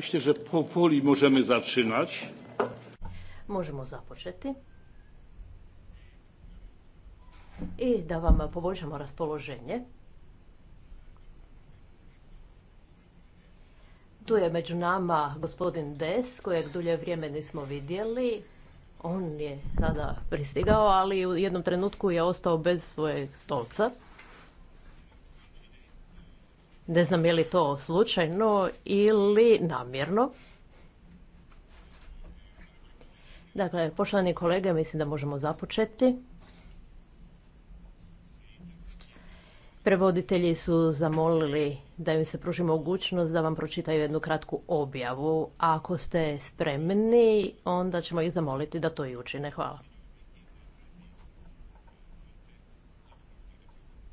Myślę, że powoli możemy zaczynać. Možemo započeti. I da vam poboljšamo raspoloženje. Tu je među nama gospodin Des, kojeg dulje vrijeme nismo vidjeli. On je sada pristigao, ali u jednom trenutku je ostao bez svojeg stolca. Ne znam je li to slučajno ili namjerno. Dakle, poštovani kolege, mislim da možemo započeti. Prevoditelji su zamolili da im se pruži mogućnost da vam pročitaju jednu kratku objavu. ako ste spremni, onda ćemo ih zamoliti da to i učine. Hvala.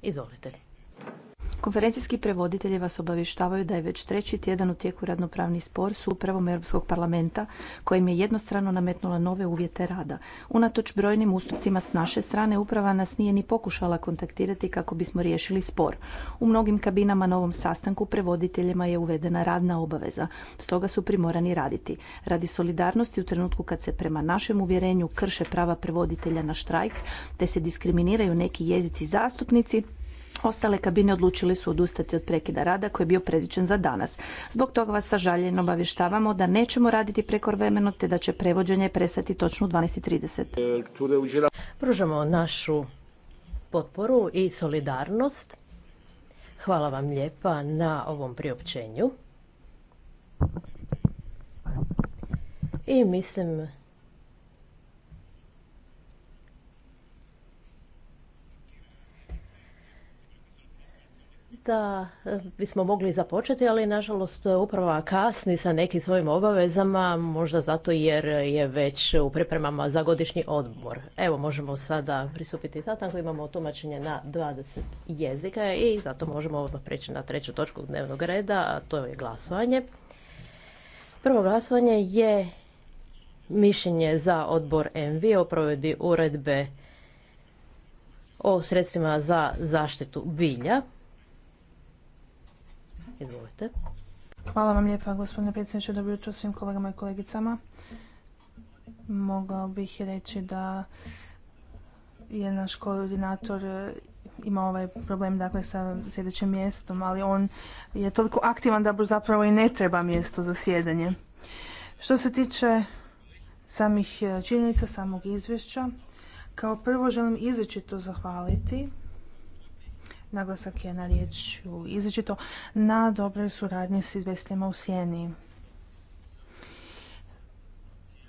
Izvolite. Konferencijski prevoditelji vas obavještavaju da je već treći tjedan u tijeku radnopravni spor s upravom Europskog parlamenta kojim je jednostrano nametnula nove uvjete rada. Unatoč brojnim ustupcima s naše strane uprava nas nije ni pokušala kontaktirati kako bismo riješili spor. U mnogim kabinama novom sastanku prevoditeljima je uvedena radna obaveza, stoga su primorani raditi. Radi solidarnosti u trenutku kad se prema našem uvjerenju krše prava prevoditelja na štrajk te se diskriminiraju neki jezici zastupnici, Ostale kabine odlučili su odustati od prekida rada koji je bio predviđen za danas. Zbog toga vas sa žaljenjem obavještavamo da nećemo raditi prekovremeno te da će prevođenje prestati točno u 12.30. Pružamo našu potporu i solidarnost. Hvala vam lijepa na ovom priopćenju. I mislim da e, bismo mogli započeti, ali nažalost e, uprava kasni sa nekim svojim obavezama, možda zato jer je već u pripremama za godišnji odmor. Evo možemo sada pristupiti tako imamo tumačenje na 20 jezika i zato možemo odmah preći na treću točku dnevnog reda, a to je glasovanje. Prvo glasovanje je mišljenje za odbor MV o provedbi uredbe o sredstvima za zaštitu bilja. Izvolite. Hvala vam lijepa, gospodine predsjedniče. Dobro jutro svim kolegama i kolegicama. Mogao bih reći da je naš koordinator e, ima ovaj problem dakle sa sljedećim mjestom, ali on je toliko aktivan da zapravo i ne treba mjesto za sjedanje. Što se tiče samih e, činjenica, samog izvješća, kao prvo želim izričito zahvaliti Naglasak je na riječju izričito na dobroj suradnji s izvestima u Sjeni.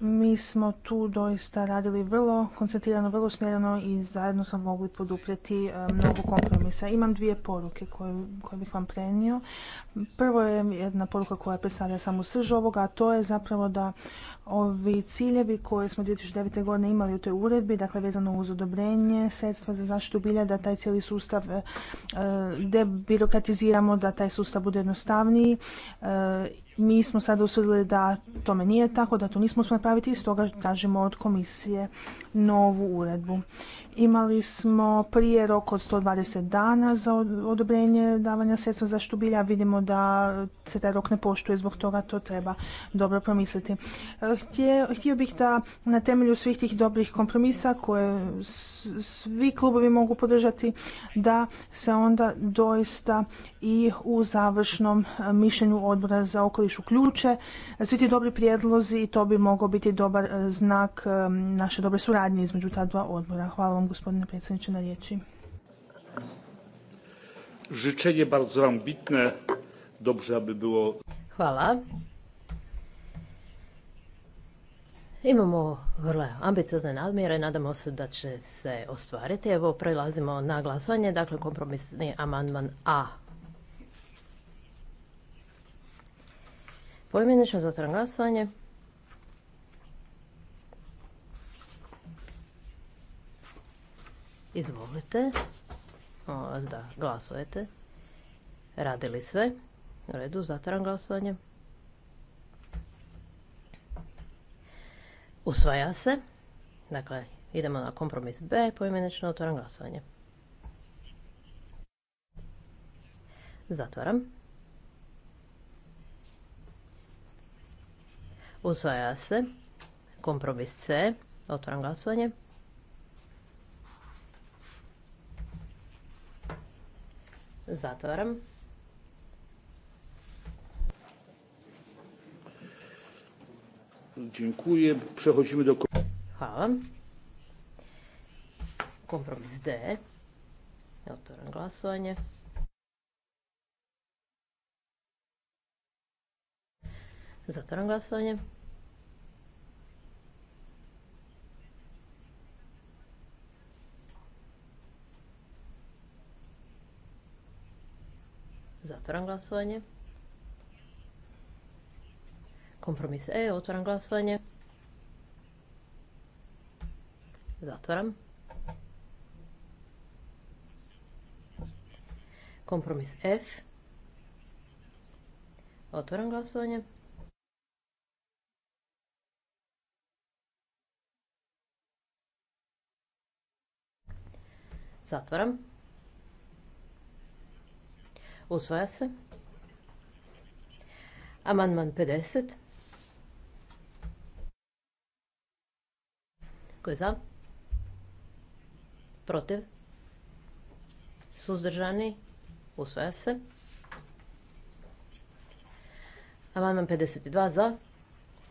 Mi smo tu doista radili vrlo koncentrirano, vrlo smjereno i zajedno smo mogli poduprijeti e, mnogo kompromisa. Imam dvije poruke koje, koje bih vam prenio. Prvo je jedna poruka koja predstavlja samo srž ovoga, a to je zapravo da ovi ciljevi koje smo 2009. godine imali u toj uredbi, dakle vezano uz odobrenje sredstva za zaštitu bilja, da taj cijeli sustav e, e, debirokratiziramo, da taj sustav bude jednostavniji mi smo sad usudili da tome nije tako, da to nismo uspjeli napraviti i stoga tražimo od komisije novu uredbu. Imali smo prije rok od 120 dana za odobrenje davanja sredstva za štubilja. Vidimo da se taj rok ne poštuje, zbog toga to treba dobro promisliti. Htio, htio bih da na temelju svih tih dobrih kompromisa koje svi klubovi mogu podržati, da se onda doista i u završnom mišljenju odbora za okoliš okoliš uključe svi ti dobri prijedlozi i to bi mogao biti dobar eh, znak eh, naše dobre suradnje između ta dva odbora. Hvala vam gospodine predsjedniče na riječi. je bardzo bitne Dobrze, aby było... Hvala. Imamo vrlo ambiciozne nadmjere, nadamo se da će se ostvariti. Evo, prelazimo na glasovanje, dakle kompromisni amandman A Poimenično zatvoram glasovanje. Izvolite. vas da glasujete. Radili sve. U redu, zatvaram glasovanje. Usvaja se. Dakle, idemo na kompromis B, poimenično otvaram glasovanje. Zatvaram. Usvaja se. Kompromis C. Otvaram glasovanje. Zatvaram. Dziękuję. Przechodzimy do... Hvala. Kompromis D. Otvaram glasovanje. Zatvoram glasovanje. Zatvoram glasovanje. Kompromis E, otvoram glasovanje. Zatvoram. Kompromis F. Otvoram glasovanje. Zatvaram. Usvaja se. Amandman 50. Ko je za? Protiv? Suzdržani? Usvaja se. Amandman 52 za.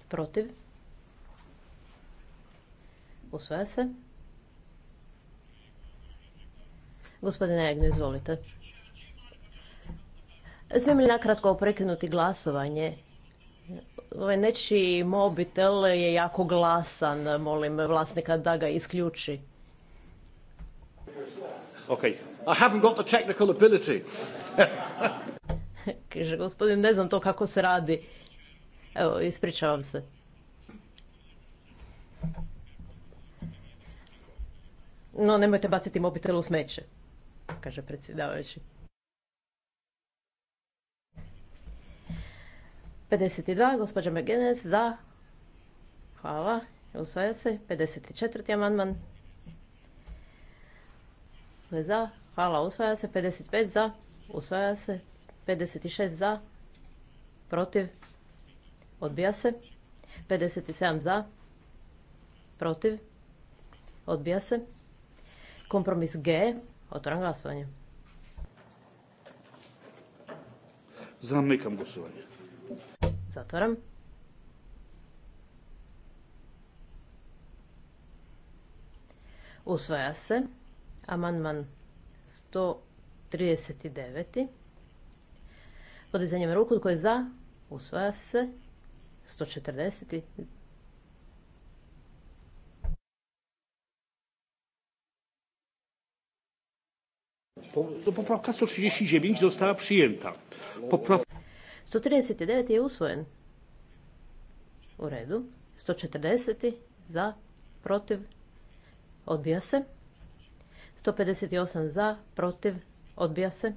Protiv? Usvaja se. Gospodine Egnu, izvolite. Smijem li nakratko prekinuti glasovanje? Ovaj nečiji mobitel je jako glasan, molim vlasnika da ga isključi. I haven't got the technical ability. gospodin, ne znam to kako se radi. Evo, ispričavam se. No, nemojte baciti mobitel u smeće kaže predsjedavajući. 52, gospođa McGinnis, za. Hvala, usvaja se. 54. amandman. Za, hvala, usvaja se. 55 za, usvaja se. 56 za, protiv, odbija se. 57 za, protiv, odbija se. Kompromis G, Otvaram glasovanje. Zamikam glasovanje. Zatvaram. Usvaja se amandman 139. Podizanjem ruku tko je za? Usvaja se. 140. Poprawka 139 została przyjęta. Popraw... 139 je usvojen. U redu. 140 za, protiv, odbija se. 158 za, protiv, odbija se.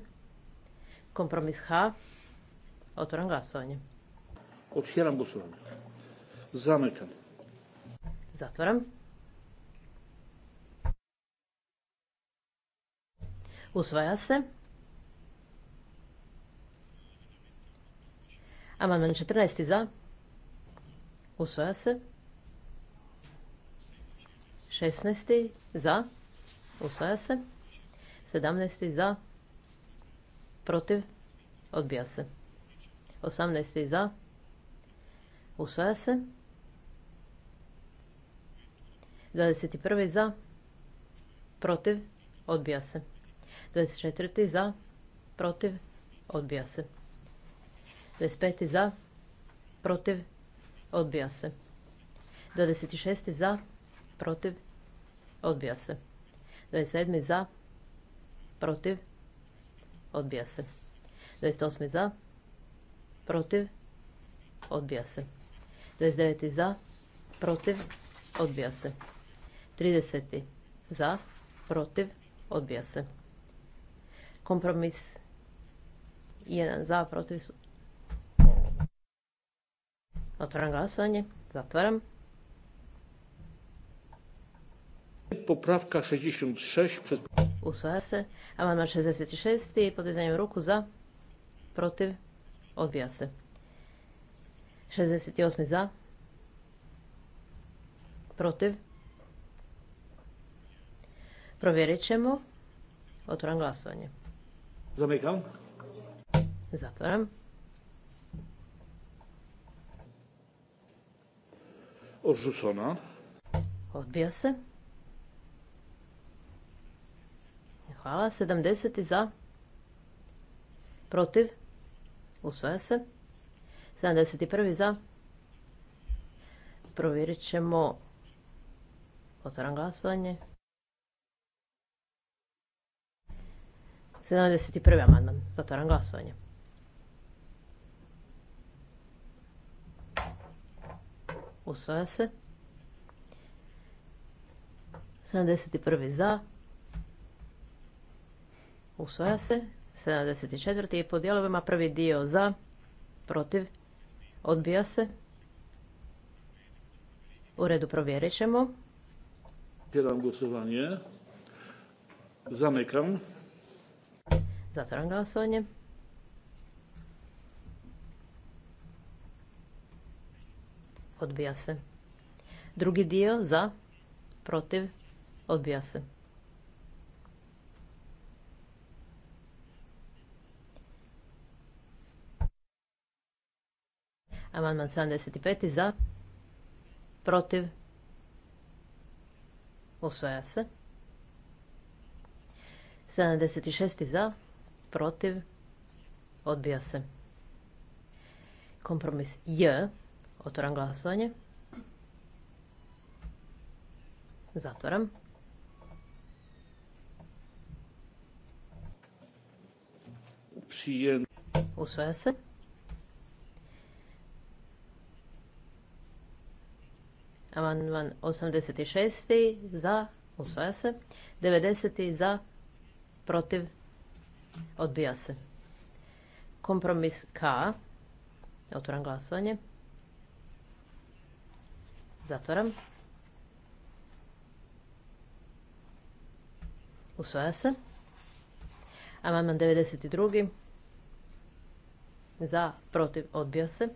Kompromis H. Otvoram glasovanje. Otvaram glasovanje. Zamekam. Zatvaram. Usvaja se. Amandman 14. za. Usvaja se. 16. za. Usvaja se. 17. za. Protiv. Odbija se. 18. za. Usvaja se. 21. za. Protiv. Odbija se. 24. za, protiv, odbija se. 25. za, protiv, odbija se. 26. za, protiv, odbija se. 27. za, protiv, odbija se. 28. za, protiv, odbija se. 29. za, protiv, odbija se. 30. za, protiv, odbija se. Kompromis jedan za, protiv su. Otvaram glasovanje, zatvaram. Popravka 66. Usvaja se. Amandman 66. Podizanjem ruku za, protiv, odbija se. 68. za, protiv. Provjerit ćemo. Otvoram glasovanje. Zamekam. Zatvaram. Odrzucona. Odbija se. Hvala. 70 za. Protiv. Usvaja se. 71 za. Provjerit ćemo. Otvaram glasovanje. 71. amandman. Zatvaram glasovanje. Usvaja se. 71. za. Usvaja se. 74. po dijelovima prvi dio za, protiv, odbija se. U redu provjerit ćemo. Jedan glasovanje. Zamekam. Zatvaram glasovanje. Odbija se. Drugi dio za, protiv, odbija se. Amandman 75. za, protiv, usvaja se. 76. za, protiv, odbija se. Kompromis J, otvoram glasovanje. Zatvoram. Usvaja se. Amandman 86. za, usvaja se. 90. za, protiv, Odbija se. Kompromis K. Otvoram glasovanje. Zatvoram. Usvaja se. Amandman 92. Za, protiv, odbija se.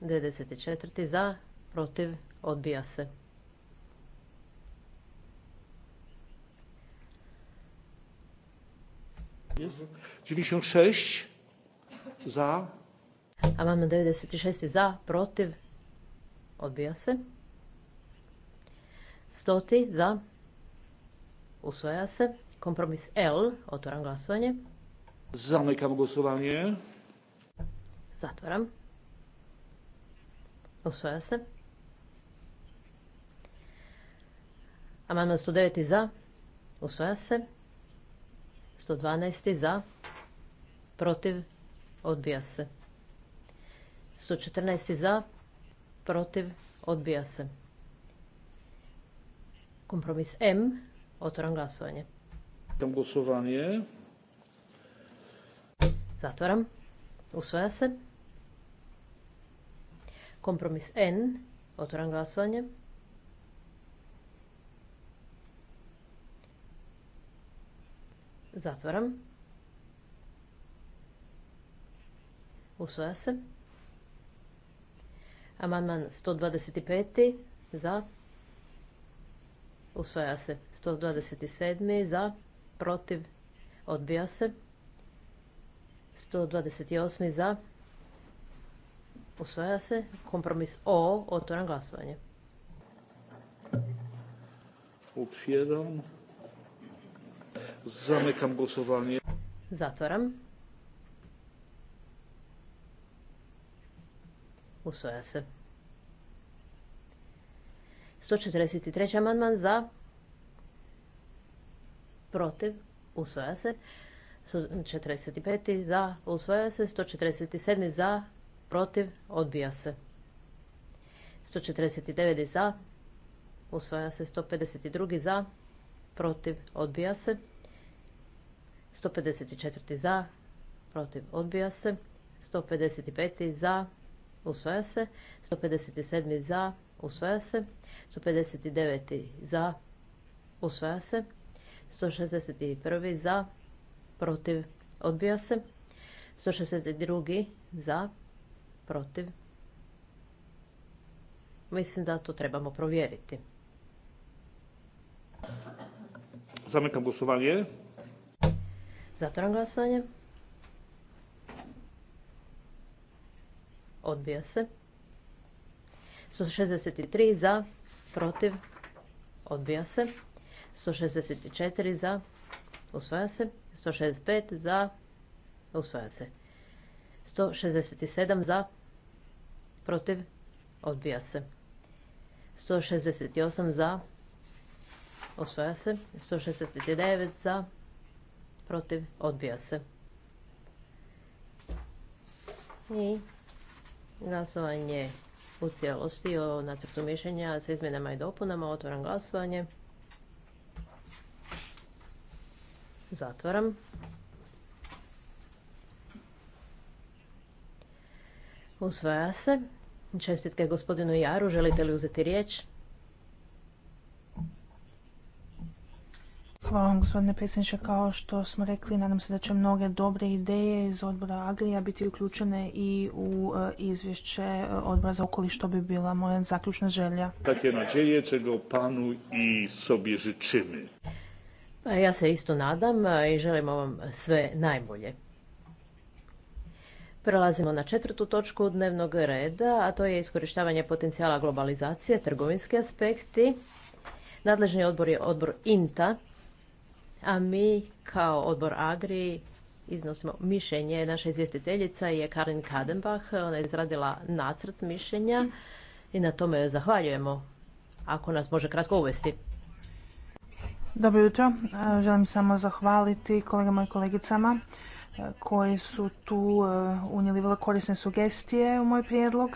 94. Za, protiv, odbija se. 96 za. Amandman 96 za, protiv, odbija se. 100 za, usvaja se. Kompromis L, otvoram glasovanje. Zamekam glasovanje, Zatvaram. Usvaja se. Amandman 109 za. Usvaja se. 112. za, protiv, odbija se. 114. za, protiv, odbija se. Kompromis M, otvoram glasovanje. Glasovanje. Zatvoram. Usvoja se. Kompromis N, otvoram glasovanje. Zatvaram. Usvaja se. Amandman 125. Za. Usvaja se. 127. Za. Protiv. Odbija se. 128. Za. Usvaja se. Kompromis O. Otvoram glasovanje. Otvoram Zamykam głosowanie. Zatvaram. Usvaja se. 143. amandman za. Protiv. Usvaja se. 45. za. Usvaja se. 147. za. Protiv. Odbija se. 149. za. Usvaja se. 152. za. Protiv. Odbija se. 154. za, protiv, odbija se. 155. za, usvaja se. 157. za, usvaja se. 159. za, usvaja se. 161. za, protiv, odbija se. 162. za, protiv. Mislim da to trebamo provjeriti. Zamykam głosowanie. Zatvoram glasovanje. Odbija se. 163 za, protiv, odbija se. 164 za, usvaja se. 165 za, usvaja se. 167 za, protiv, odbija se. 168 za, usvaja se. 169 za, protiv, odbija se. I glasovanje u cijelosti o nacrtu mišljenja sa izmjenama i dopunama. Otvaram glasovanje. Zatvaram. Usvaja se. Čestitke gospodinu Jaru. Želite li uzeti riječ? Hvala vam gospodine predsjedniče. Kao što smo rekli, nadam se da će mnoge dobre ideje iz odbora Agrija biti uključene i u e, izvješće e, odbora za okoliš, što bi bila moja zaključna želja. Tak nađelje panu i sobje pa Ja se isto nadam e, i želim vam sve najbolje. Prelazimo na četvrtu točku dnevnog reda, a to je iskorištavanje potencijala globalizacije, trgovinski aspekti. Nadležni odbor je odbor INTA, a mi kao odbor Agri iznosimo mišljenje. Naša izvjestiteljica je Karin Kadenbach. Ona je izradila nacrt mišljenja i na tome joj zahvaljujemo. Ako nas može kratko uvesti. Dobro jutro. Želim samo zahvaliti kolegama i kolegicama koji su tu unijeli vrlo korisne sugestije u moj prijedlog.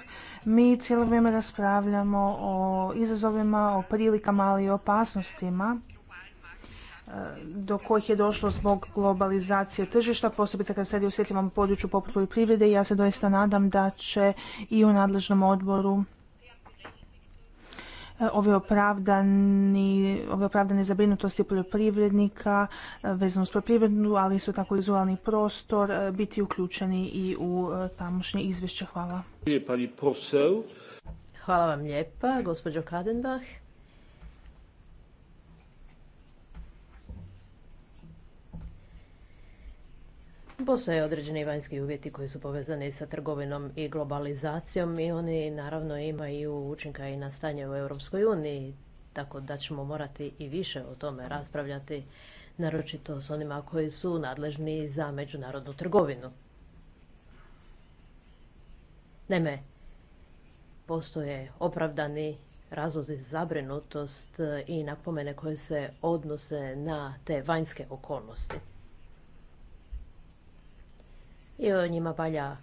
Mi cijelo vrijeme raspravljamo o izazovima, o prilikama, ali i opasnostima do kojih je došlo zbog globalizacije tržišta, posebice kada se radi u osjetljivom području poput poljoprivrede. Ja se doista nadam da će i u nadležnom odboru e, ove opravdani, ove opravdane zabrinutosti poljoprivrednika e, vezano uz poljoprivrednu, ali isto tako i prostor e, biti uključeni i u tamošnje izvješće. Hvala. Hvala vam lijepa, gospođo Kadenbach. Postoje određeni vanjski uvjeti koji su povezani sa trgovinom i globalizacijom i oni naravno imaju učinka i na stanje u Europskoj uniji, tako da ćemo morati i više o tome raspravljati, naročito s onima koji su nadležni za međunarodnu trgovinu. Neme, postoje opravdani razlozi za zabrinutost i napomene koje se odnose na te vanjske okolnosti i o njima valja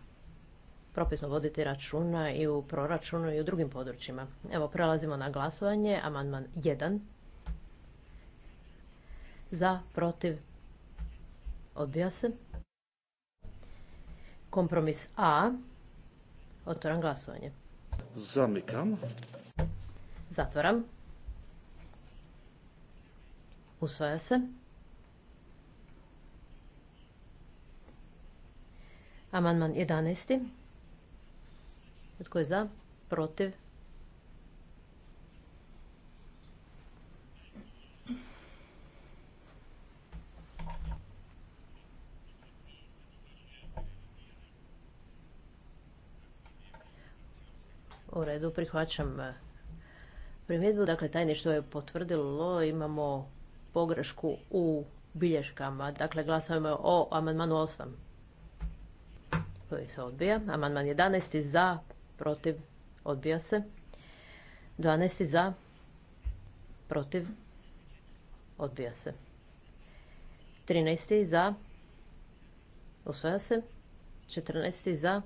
propisno voditi računa i u proračunu i u drugim područjima. Evo, prelazimo na glasovanje. Amandman 1. Za, protiv, odbija se. Kompromis A. Otvoram glasovanje. Zamikam. Zatvaram. Usvaja se. Amandman 11. Tko je za? Protiv? U redu, prihvaćam e, primjedbu. Dakle, tajništvo je potvrdilo, imamo pogrešku u bilješkama. Dakle, glasujemo o amandmanu 8 koji se odbija. Amandman 11. za, protiv, odbija se. 12. za, protiv, odbija se. 13. za, usvaja se. 14. za,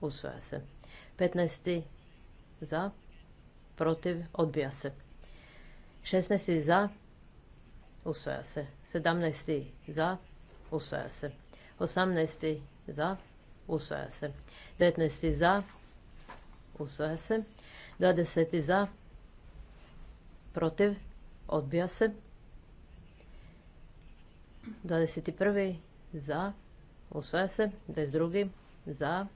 usvaja se. 15. za, protiv, odbija se. 16. za, usvaja se. 17. za, usvaja se. 18. za, usvaja se. 19. za, usvaja se. 20. za, protiv, odbija se. 21. za, usvaja se. 22. za,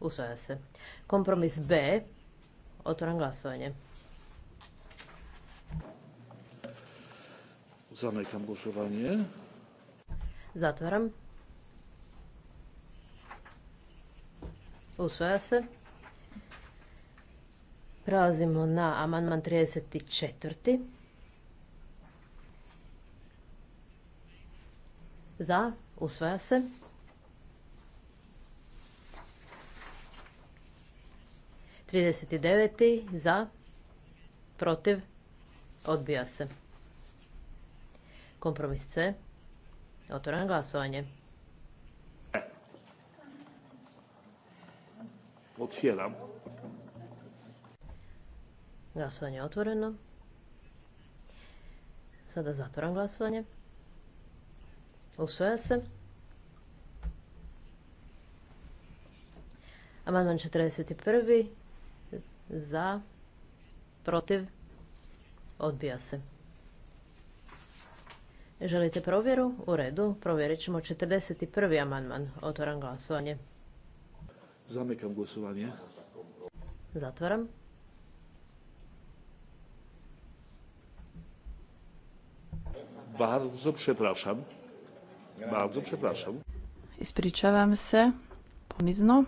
usvaja se. Kompromis B, otvoram glasovanje. Zamekam glasovanje. Zatvaram. Usvaja se. Prelazimo na amandman 34. Za. Usvaja se. Trideset devet za protiv odbija se kompromis C otvaram glasovanje Glasovanje je otvoreno. Sada zatvoram glasovanje. Usvoja se. Amandman 41. Za. Protiv. Odbija se. Želite provjeru? U redu. Provjerit ćemo 41. amandman. Otvoram glasovanje. Zamykam głosowanie. Zatwaram. Bardzo przepraszam. Bardzo przepraszam. Ispričavam se ponizno.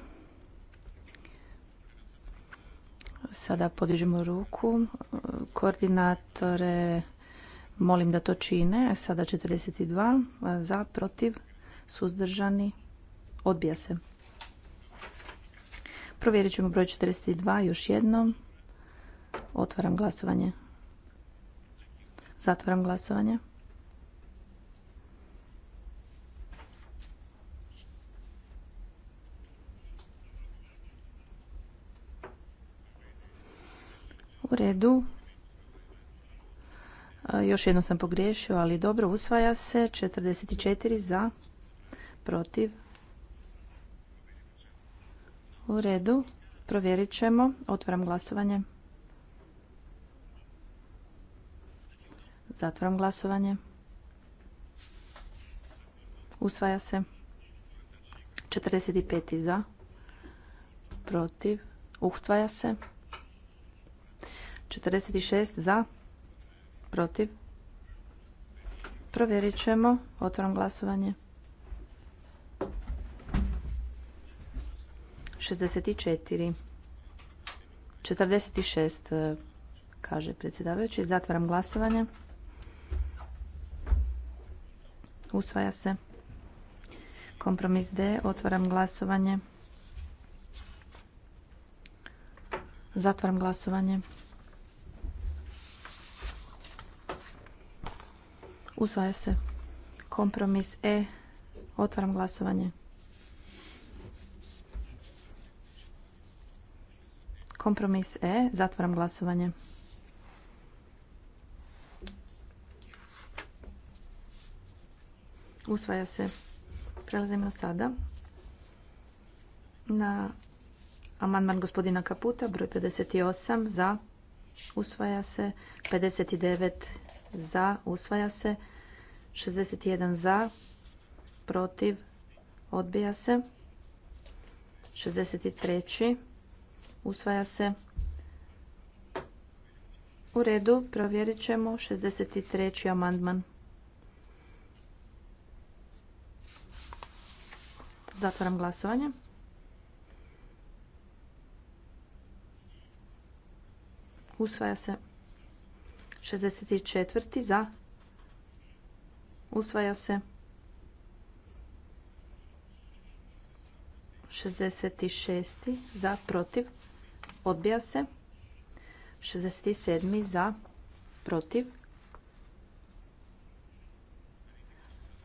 Sada podižemo ruku. Koordinatore molim da to čine. Sada 42 za, protiv, suzdržani. Odbija se. Provjerit ćemo broj 42 još jednom. Otvaram glasovanje. Zatvaram glasovanje. U redu. E, još jednom sam pogriješio, ali dobro, usvaja se. 44 za, protiv, u redu. Provjerit ćemo. Otvaram glasovanje. Zatvaram glasovanje. Usvaja se. 45. za. Protiv. Usvaja se. 46. za. Protiv. Provjerit ćemo. Otvaram glasovanje. 64. 46 e, kaže predsjedavajući. Zatvaram glasovanje. Usvaja se. Kompromis D. Otvaram glasovanje. Zatvaram glasovanje. Usvaja se. Kompromis E. Otvaram glasovanje. Kompromis E. Zatvaram glasovanje. Usvaja se. Prelazimo sada na amandman gospodina Kaputa, broj 58 za, usvaja se, 59 za, usvaja se, 61 za, protiv, odbija se, 63 usvaja se. U redu, provjerit ćemo 63. amandman. Zatvaram glasovanje. Usvaja se 64. za. Usvaja se 66. za protiv. Odbija se. 67. za. Protiv.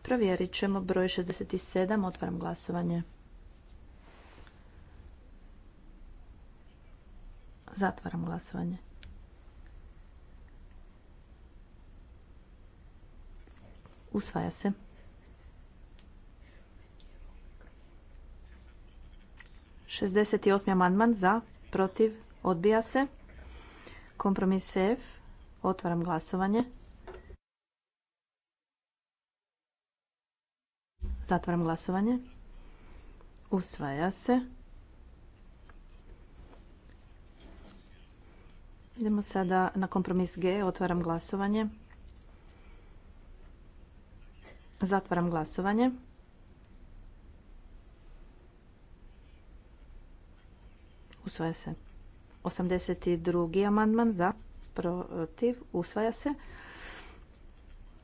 Provjerit ćemo broj 67. Otvaram glasovanje. Zatvaram glasovanje. Usvaja se. 68. osam amandman za protiv, odbija se. Kompromis F, otvaram glasovanje. Zatvaram glasovanje. Usvaja se. Idemo sada na kompromis G, otvaram glasovanje. Zatvaram glasovanje. usvaja se. 82. amandman za, protiv, usvaja se.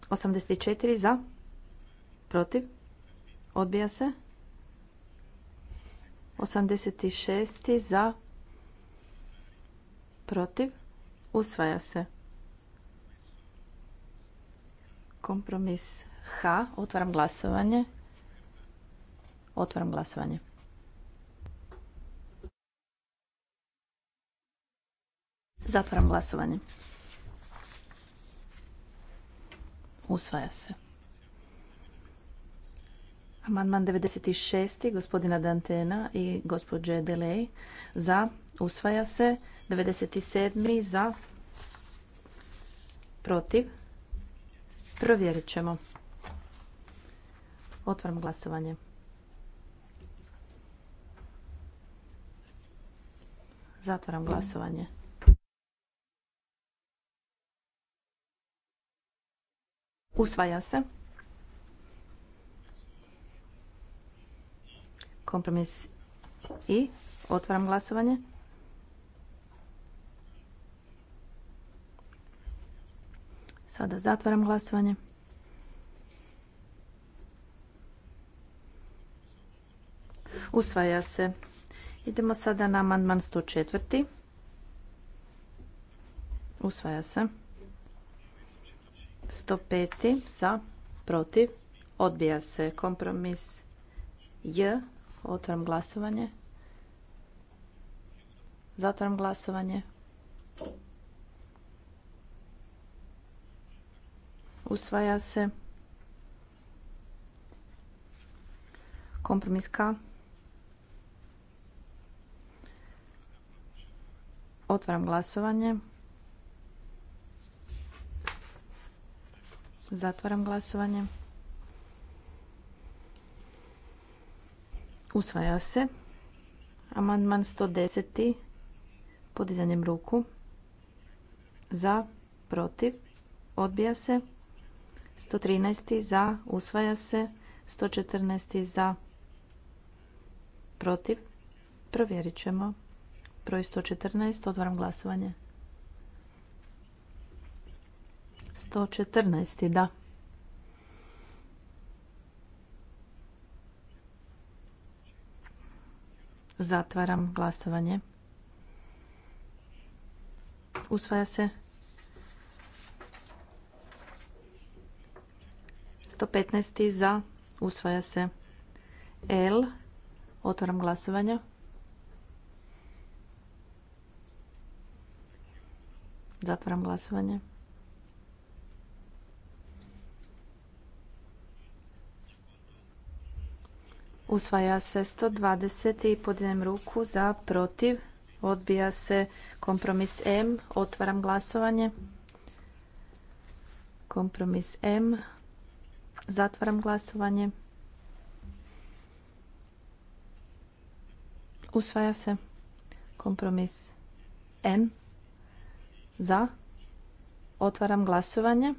84 za, protiv, odbija se. 86 za, protiv, usvaja se. Kompromis H, otvaram glasovanje. Otvaram glasovanje. Zatvaram glasovanje. Usvaja se. Amandman 96. gospodina Dantena i gospođe Delej. Za. Usvaja se. 97. Za. Protiv. Provjerit ćemo. Otvaram glasovanje. Zatvaram glasovanje. Usvaja se. Kompromis i. Otvaram glasovanje. Sada zatvaram glasovanje. Usvaja se. Idemo sada na amandman 104. Usvaja se. 105. za, protiv, odbija se. Kompromis J, otvaram glasovanje. Zatvaram glasovanje. Usvaja se. Kompromis K. Otvaram glasovanje. Zatvaram glasovanje. Usvaja se. Amandman 110. Podizanjem ruku. Za, protiv. Odbija se. 113. Za, usvaja se. 114. Za, protiv. Provjerit ćemo. Broj 114. Otvaram glasovanje. 114. da. Zatvaram glasovanje. Usvaja se. 115. za. Usvaja se. L. Otvaram glasovanje. Zatvaram glasovanje. Usvaja se 120 i podijem ruku za protiv. Odbija se kompromis M. Otvaram glasovanje. Kompromis M. Zatvaram glasovanje. Usvaja se kompromis N. Za. Otvaram glasovanje.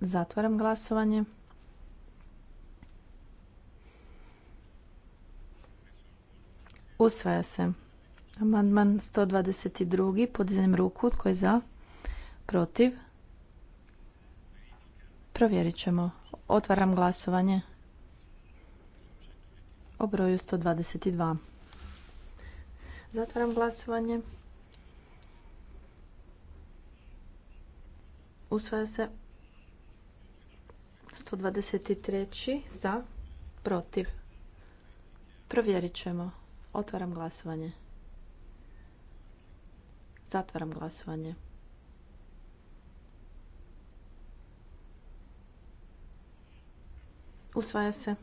Zatvaram glasovanje. Usvaja se. Amandman 122. Podizajem ruku. Tko je za? Protiv? Provjerit ćemo. Otvaram glasovanje o broju 122. Zatvaram glasovanje. Usvaja se 123. za, protiv. Provjerit ćemo. Otvaram glasovanje. Zatvaram glasovanje. Usvaja se.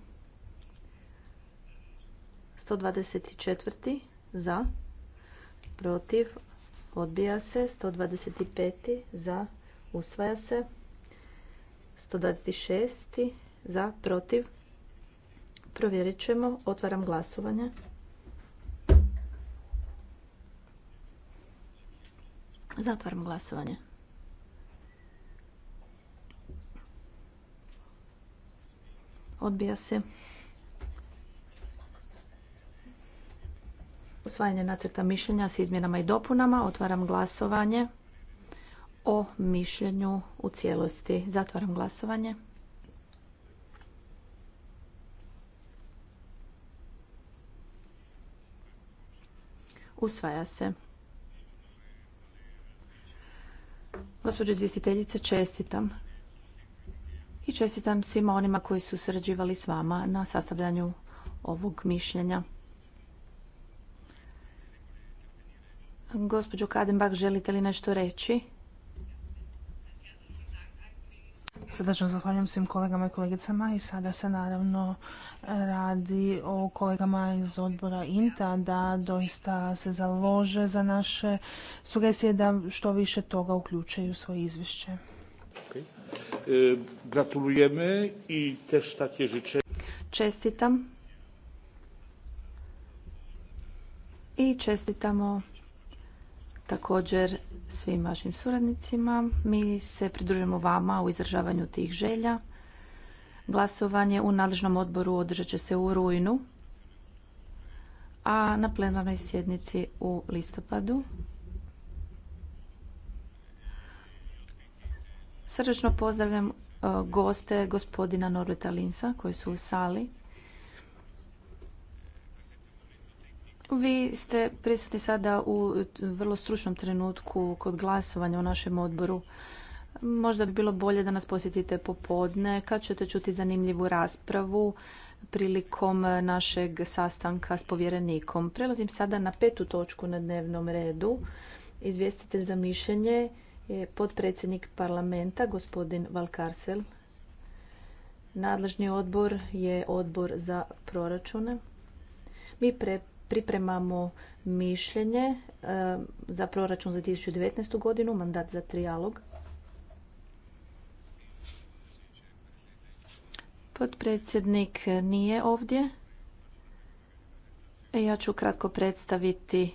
124. za. Protiv. Odbija se. 125. za. Usvaja se. 126. za. Protiv. Provjerit ćemo. Otvaram glasovanje. Zatvaram glasovanje. Odbija se. Usvajanje nacrta mišljenja s izmjenama i dopunama. Otvaram glasovanje o mišljenju u cijelosti. Zatvaram glasovanje. Usvaja se. Gospođo izvjestiteljice, čestitam. I čestitam svima onima koji su surađivali s vama na sastavljanju ovog mišljenja. Gospođo Kadenbach, želite li nešto reći? Srdačno zahvaljujem svim kolegama i kolegicama i sada se naravno radi o kolegama iz odbora INTA da doista se založe za naše sugestije da što više toga uključe u svoje izvješće. E, i też takie Čestitam. I čestitamo također svim vašim suradnicima. Mi se pridružujemo vama u izražavanju tih želja. Glasovanje u nadležnom odboru održat će se u rujnu, a na plenarnoj sjednici u listopadu. Srdačno pozdravljam e, goste gospodina Norberta Linsa koji su u sali. Vi ste prisutni sada u vrlo stručnom trenutku kod glasovanja u našem odboru. Možda bi bilo bolje da nas posjetite popodne kad ćete čuti zanimljivu raspravu prilikom našeg sastanka s povjerenikom. Prelazim sada na petu točku na dnevnom redu. Izvjestitelj za mišljenje je potpredsjednik parlamenta gospodin Valkarsel. Nadležni odbor je odbor za proračune. Mi pre pripremamo mišljenje e, za proračun za 2019. godinu, mandat za trijalog. Podpredsjednik nije ovdje. E, ja ću kratko predstaviti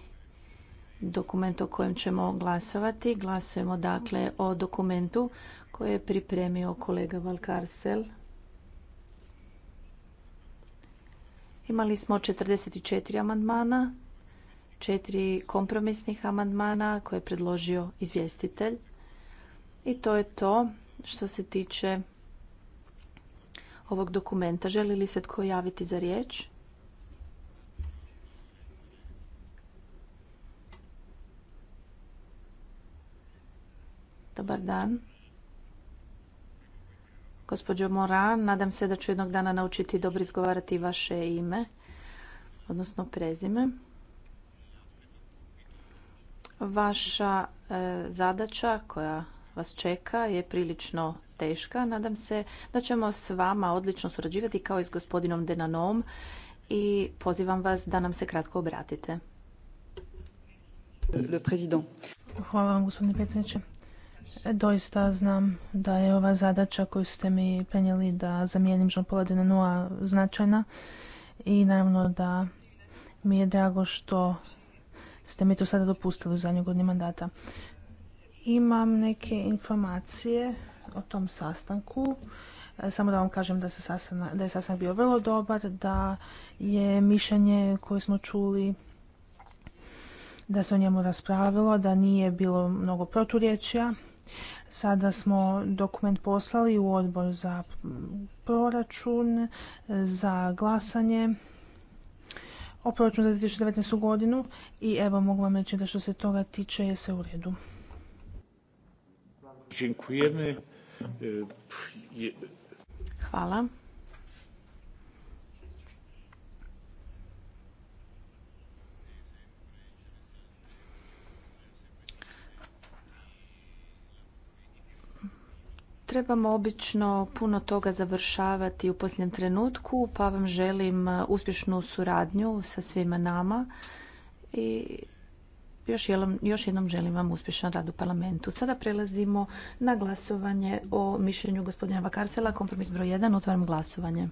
dokument o kojem ćemo glasovati. Glasujemo dakle o dokumentu koje je pripremio kolega Valkarsel Imali smo 44 amandmana, četiri kompromisnih amandmana koje je predložio izvjestitelj. I to je to što se tiče ovog dokumenta. Želi li se tko javiti za riječ? Dobar dan. Gospođo Moran, nadam se da ću jednog dana naučiti dobro izgovarati vaše ime, odnosno prezime. Vaša e, zadaća koja vas čeka je prilično teška. Nadam se da ćemo s vama odlično surađivati kao i s gospodinom Denanom i pozivam vas da nam se kratko obratite. Hvala vam gospodine predsjedniče. Doista znam da je ova zadaća koju ste mi penjeli da zamijenim Jean-Paul Nenua značajna i naravno da mi je drago što ste mi to sada dopustili u zadnjoj godini mandata. Imam neke informacije o tom sastanku. E, samo da vam kažem da, da je sastanak bio vrlo dobar, da je mišljenje koje smo čuli da se o njemu raspravilo, da nije bilo mnogo proturječja Sada smo dokument poslali u odbor za proračun, za glasanje o proračunu za 2019. godinu i evo mogu vam reći da što se toga tiče je u redu. E, Hvala. Trebamo obično puno toga završavati u posljednjem trenutku, pa vam želim e, uspješnu suradnju sa svima nama i još jednom, još jednom želim vam uspješan rad u parlamentu. Sada prelazimo na glasovanje o mišljenju gospodina Vakarsela, kompromis broj 1, otvaram glasovanje.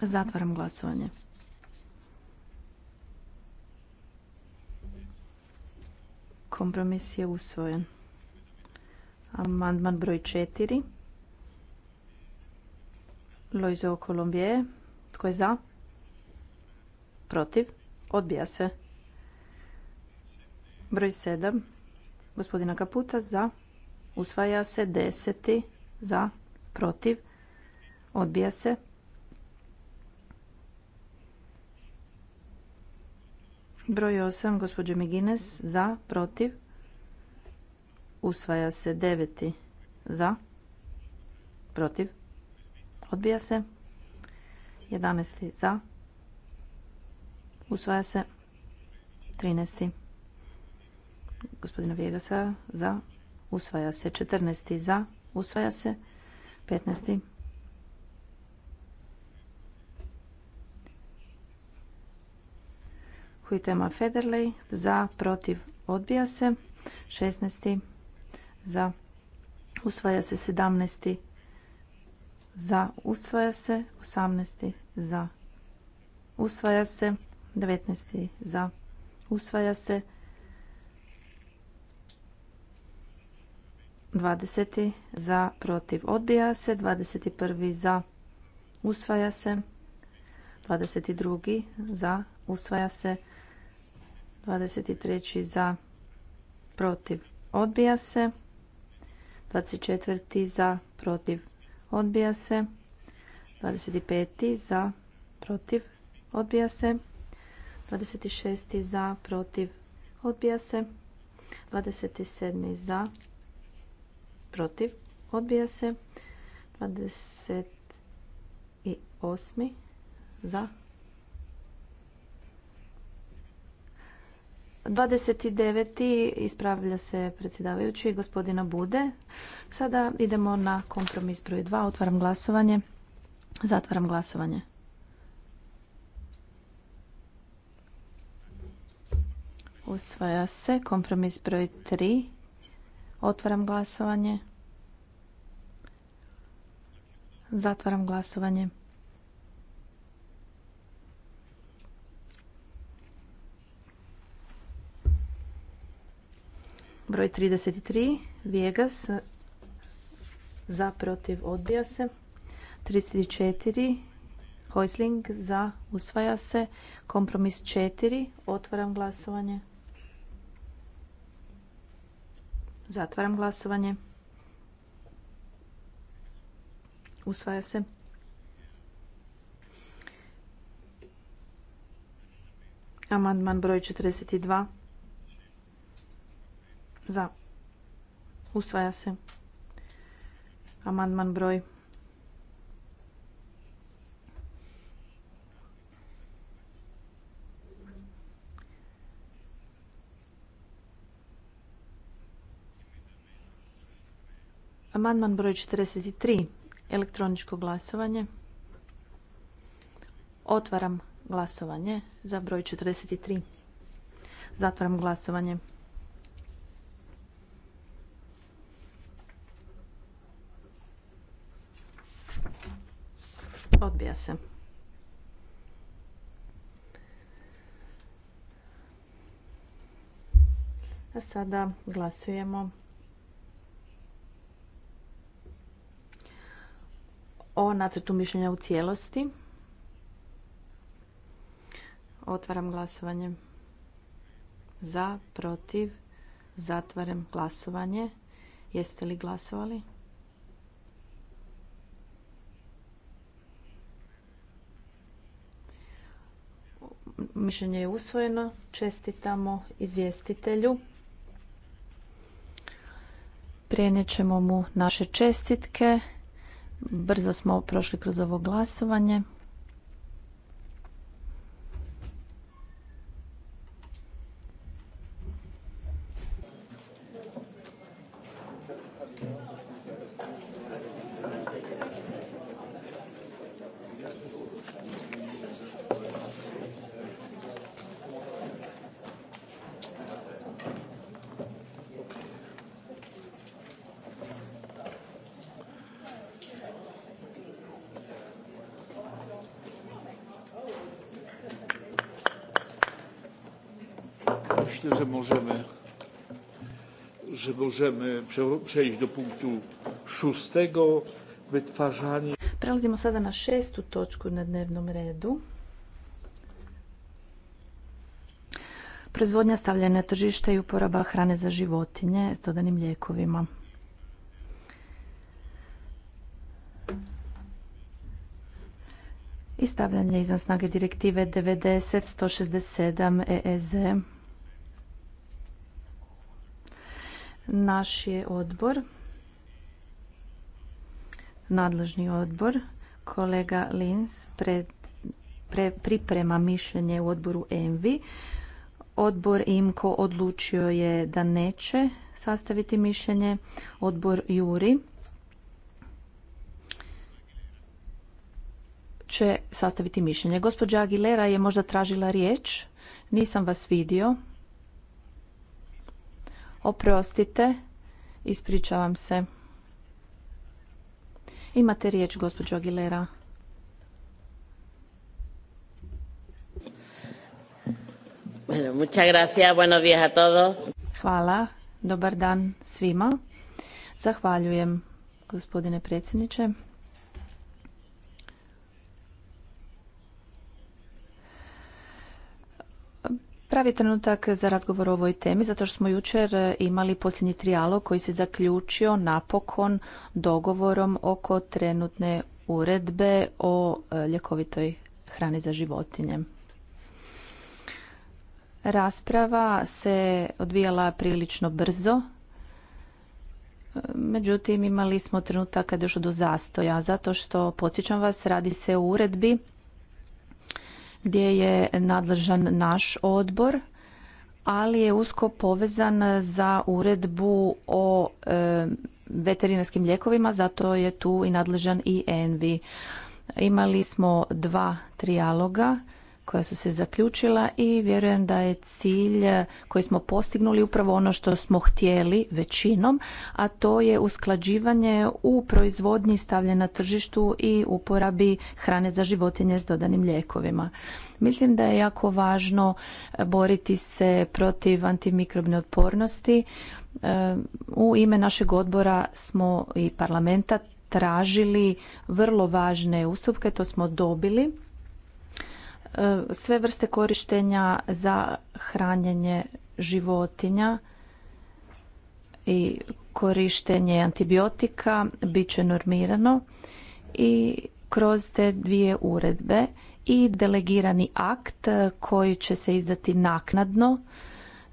Zatvaram glasovanje. Kompromis je usvojen. Amandman broj četiri. Loizo Kolombije. Tko je za? Protiv? Odbija se. Broj sedam. Gospodina Kaputa za. Usvaja se. Deseti za. Protiv? Odbija se. Broj 8, gospođe Migines, za, protiv. Usvaja se deveti za, protiv. Odbija se. 11. za. Usvaja se. 13. Gospodina Vjegasa za. Usvaja se. 14. za. Usvaja se. 15. Koji tema Federley za, protiv, odbija se. 16. za, usvaja se. 17. za, usvaja se. 18. za, usvaja se. 19. za, usvaja se. 20. za, protiv, odbija se. 21. za, usvaja se. 22. za, usvaja se. 23. za, protiv, odbija se. 24. za, protiv, odbija se. 25. za, protiv, odbija se. 26. za, protiv, odbija se. 27. za, protiv, odbija se. 28. za, 29. ispravlja se predsjedavajući gospodina Bude. Sada idemo na kompromis broj 2. Otvaram glasovanje. Zatvaram glasovanje. Usvaja se kompromis broj 3. Otvaram glasovanje. Zatvaram glasovanje. Broj 33, Vegas, za, protiv, odbija se. 34, Hoisling, za, usvaja se. Kompromis 4, otvaram glasovanje. Zatvaram glasovanje. Usvaja se. Amandman broj 42. Za. Usvaja se. Amandman broj Amandman broj 43. Elektroničko glasovanje. Otvaram glasovanje za broj 43. Zatvaram glasovanje. ja A sada glasujemo o nacrtu mišljenja u cijelosti. Otvaram glasovanje za, protiv, zatvaram glasovanje. Jeste li glasovali? Mišljenje je usvojeno. Čestitamo izvjestitelju. Prenijet ćemo mu naše čestitke. Brzo smo prošli kroz ovo glasovanje. że możemy przejść do punktu szóstego, wytwarzanie... Prelazimo sada na šestu točku na dnevnom redu. Proizvodnja stavljanja na tržište i uporaba hrane za životinje s dodanim lijekovima. I stavljanje izvan snage direktive 90-167 EEZ Naš je odbor, nadležni odbor, kolega Lins priprema mišljenje u odboru ENVI. Odbor IMKO odlučio je da neće sastaviti mišljenje. Odbor JURI će sastaviti mišljenje. Gospođa Aguilera je možda tražila riječ. Nisam vas vidio. Oprostite, ispričavam se. Imate riječ, gospođo Aguilera. Bueno, muchas gracias. Hvala. Dobar dan svima. Zahvaljujem, gospodine predsjedniče. pravi trenutak za razgovor o ovoj temi zato što smo jučer imali posljednji trijalog koji se zaključio napokon dogovorom oko trenutne uredbe o e, ljekovitoj hrani za životinje. Rasprava se odvijala prilično brzo, e, međutim imali smo trenutak kad došlo do zastoja, zato što, podsjećam vas, radi se o uredbi gdje je nadležan naš odbor, ali je usko povezan za uredbu o e, veterinarskim ljekovima, zato je tu i nadležan i ENVI. Imali smo dva trijaloga koja su se zaključila i vjerujem da je cilj koji smo postignuli upravo ono što smo htjeli većinom, a to je usklađivanje u proizvodnji stavlja na tržištu i uporabi hrane za životinje s dodanim lijekovima. Mislim da je jako važno eh, boriti se protiv antimikrobne otpornosti. Eh, u ime našeg odbora smo i parlamenta tražili vrlo važne ustupke, to smo dobili sve vrste korištenja za hranjenje životinja i korištenje antibiotika bit će normirano i kroz te dvije uredbe i delegirani akt koji će se izdati naknadno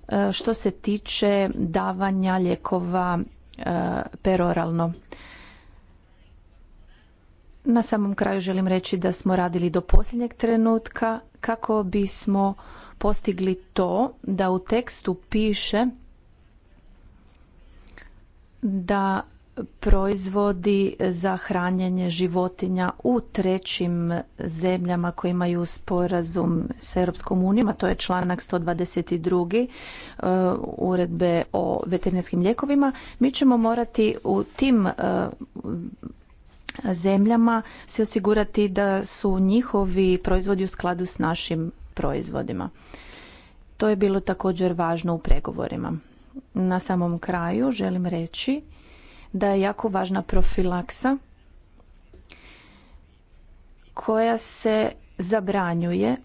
e, što se tiče davanja lijekova e, peroralno. Na samom kraju želim reći da smo radili do posljednjeg trenutka kako bismo postigli to da u tekstu piše da proizvodi za hranjenje životinja u trećim zemljama koje imaju sporazum s Europskom unijom, a to je članak 122. E, uredbe o veterinarskim ljekovima. mi ćemo morati u tim e, zemljama se osigurati da su njihovi proizvodi u skladu s našim proizvodima. To je bilo također važno u pregovorima. Na samom kraju želim reći da je jako važna profilaksa koja se zabranjuje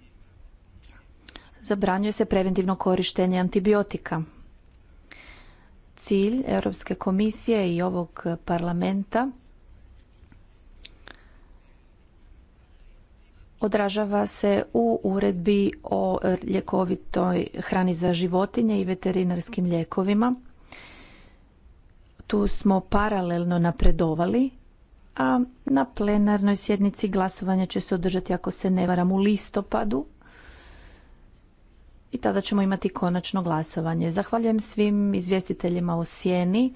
zabranjuje se preventivno korištenje antibiotika. Cilj Europske komisije i ovog parlamenta odražava se u uredbi o ljekovitoj hrani za životinje i veterinarskim ljekovima. Tu smo paralelno napredovali, a na plenarnoj sjednici glasovanje će se održati, ako se ne varam, u listopadu. I tada ćemo imati konačno glasovanje. Zahvaljujem svim izvjestiteljima o sjeni,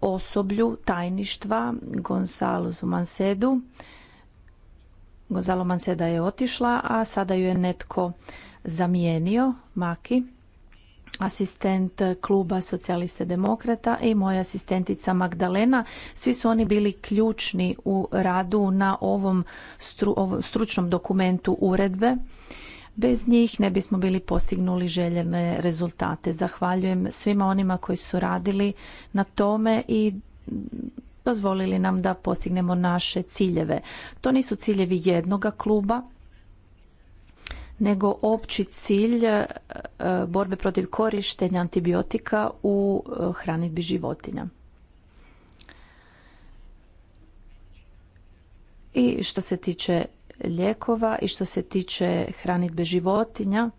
osoblju tajništva, Gonzalo Zumansedu, Gonzalo da je otišla, a sada ju je netko zamijenio, Maki, asistent kluba socijaliste demokrata i moja asistentica Magdalena. Svi su oni bili ključni u radu na ovom stručnom dokumentu uredbe. Bez njih ne bismo bili postignuli željene rezultate. Zahvaljujem svima onima koji su radili na tome i dozvolili nam da postignemo naše ciljeve. To nisu ciljevi jednoga kluba, nego opći cilj e, borbe protiv korištenja antibiotika u e, hranitbi životinja. I što se tiče ljekova i što se tiče hranitbe životinja,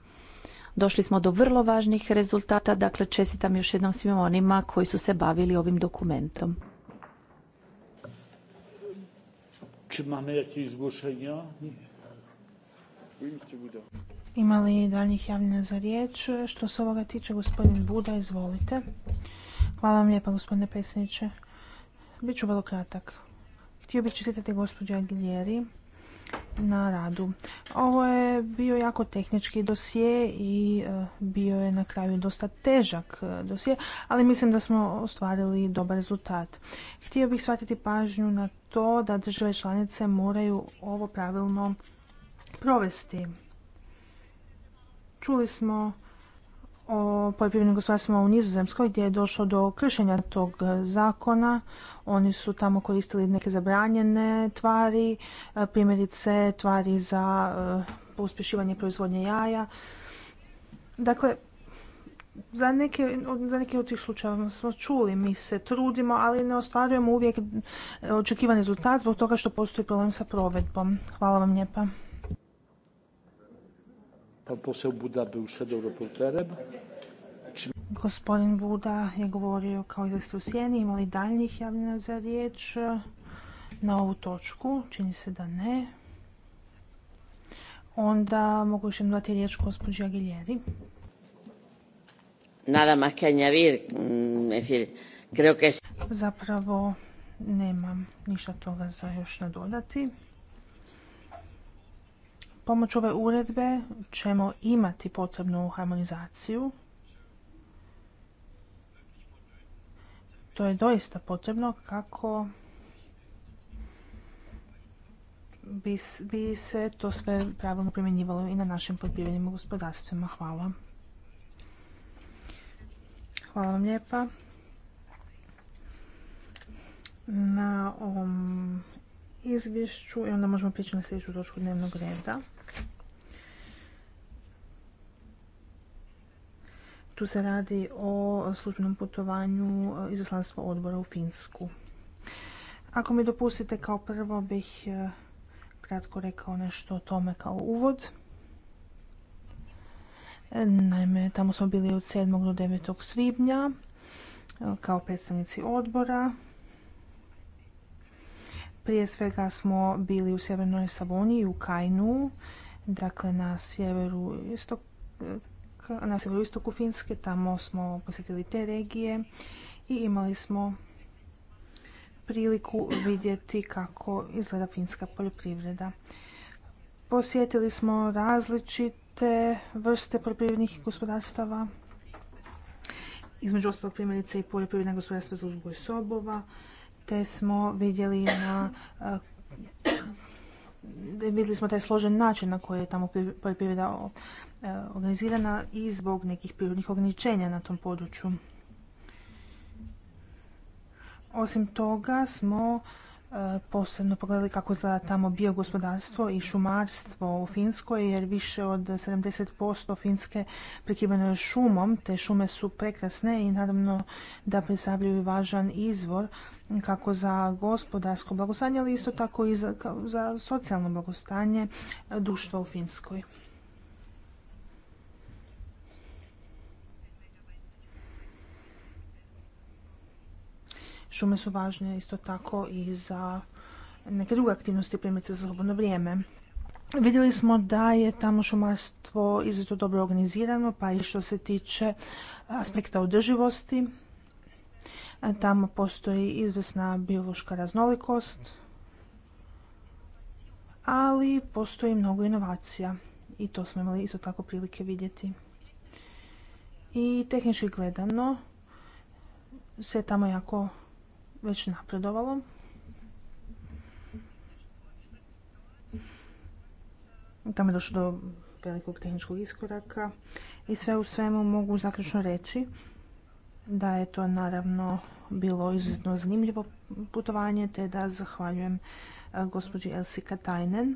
došli smo do vrlo važnih rezultata, dakle čestitam još jednom svim onima koji su se bavili ovim dokumentom. Czy mamy jakieś Ima li daljih javljena za riječ? Što se ovoga tiče, gospodin Buda, izvolite. Hvala vam lijepa, gospodine predsjedniče. Biću vrlo kratak. Htio bih čestitati gospođi Agiljeri na radu. Ovo je bio jako tehnički dosje i e, bio je na kraju dosta težak e, dosje, ali mislim da smo ostvarili dobar rezultat. Htio bih shvatiti pažnju na to da države članice moraju ovo pravilno provesti. Čuli smo o poljoprivrednim gospodarstvima u Nizozemskoj gdje je došlo do kršenja tog e, zakona. Oni su tamo koristili neke zabranjene tvari, e, primjerice tvari za uspješivanje e, proizvodnje jaja. Dakle, za neke, za neke od tih slučajeva smo čuli, mi se trudimo, ali ne ostvarujemo uvijek očekivan rezultat zbog toga što postoji problem sa provedbom. Hvala vam lijepa. Buda był reporterem. Gospodin Buda je govorio kao ste u sjeni. imali li daljnjih javljena za riječ na ovu točku? Čini se da ne. Onda mogu još jednom dati riječ gospođi Agiljeri. Mm, Zapravo nemam ništa toga za još nadodati. Pomoću ove uredbe ćemo imati potrebnu harmonizaciju. To je doista potrebno kako bi, se to sve pravilno primjenjivalo i na našim poljoprivrednim gospodarstvima. Hvala. Hvala vam lijepa na ovom izvješću i onda možemo prići na sljedeću točku dnevnog reda. Tu se radi o službenom putovanju izoslanstva odbora u Finsku. Ako mi dopustite, kao prvo bih eh, kratko rekao nešto o tome kao uvod. Eh, naime, tamo smo bili od 7. do 9. svibnja eh, kao predstavnici odbora. Prije svega smo bili u Sjevernoj Savoniji, u Kajnu, dakle na sjeveru istog na sjeveroistoku Finske, tamo smo posjetili te regije i imali smo priliku vidjeti kako izgleda finska poljoprivreda. Posjetili smo različite vrste poljoprivrednih gospodarstava, između ostalog primjerice i poljoprivredna gospodarstva za uzgoj sobova, te smo vidjeli na eh, vidjeli smo taj složen način na koji je tamo poljoprivreda Eh, organizirana i zbog nekih prirodnih ograničenja na tom području. Osim toga smo eh, posebno pogledali kako za tamo biogospodarstvo i šumarstvo u Finskoj, jer više od 70% Finske prekriveno je šumom, te šume su prekrasne i naravno da predstavljaju važan izvor kako za gospodarsko blagostanje, ali isto tako i za, za socijalno blagostanje eh, društva u Finskoj. Šume su važne isto tako i za neke druge aktivnosti, primjerice za slobodno vrijeme. Vidjeli smo da je tamo šumarstvo izuzetno dobro organizirano, pa i što se tiče aspekta održivosti. Tamo postoji izvesna biološka raznolikost, ali postoji mnogo inovacija i to smo imali isto tako prilike vidjeti. I tehnički gledano se tamo jako već napredovalo. Tamo je došlo do velikog tehničkog iskoraka i sve u svemu mogu zaključno reći da je to naravno bilo izuzetno zanimljivo putovanje te da zahvaljujem e, gospođi Elsi Katajnen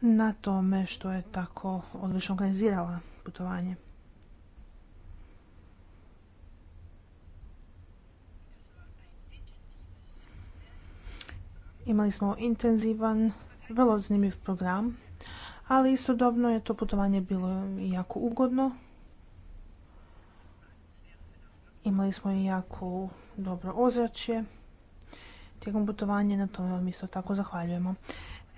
na tome što je tako odlično organizirala putovanje. Imali smo intenzivan, vrlo zanimljiv program, ali istodobno je to putovanje bilo jako ugodno. Imali smo i jako dobro ozračje. Tijekom putovanja na tome vam isto tako zahvaljujemo.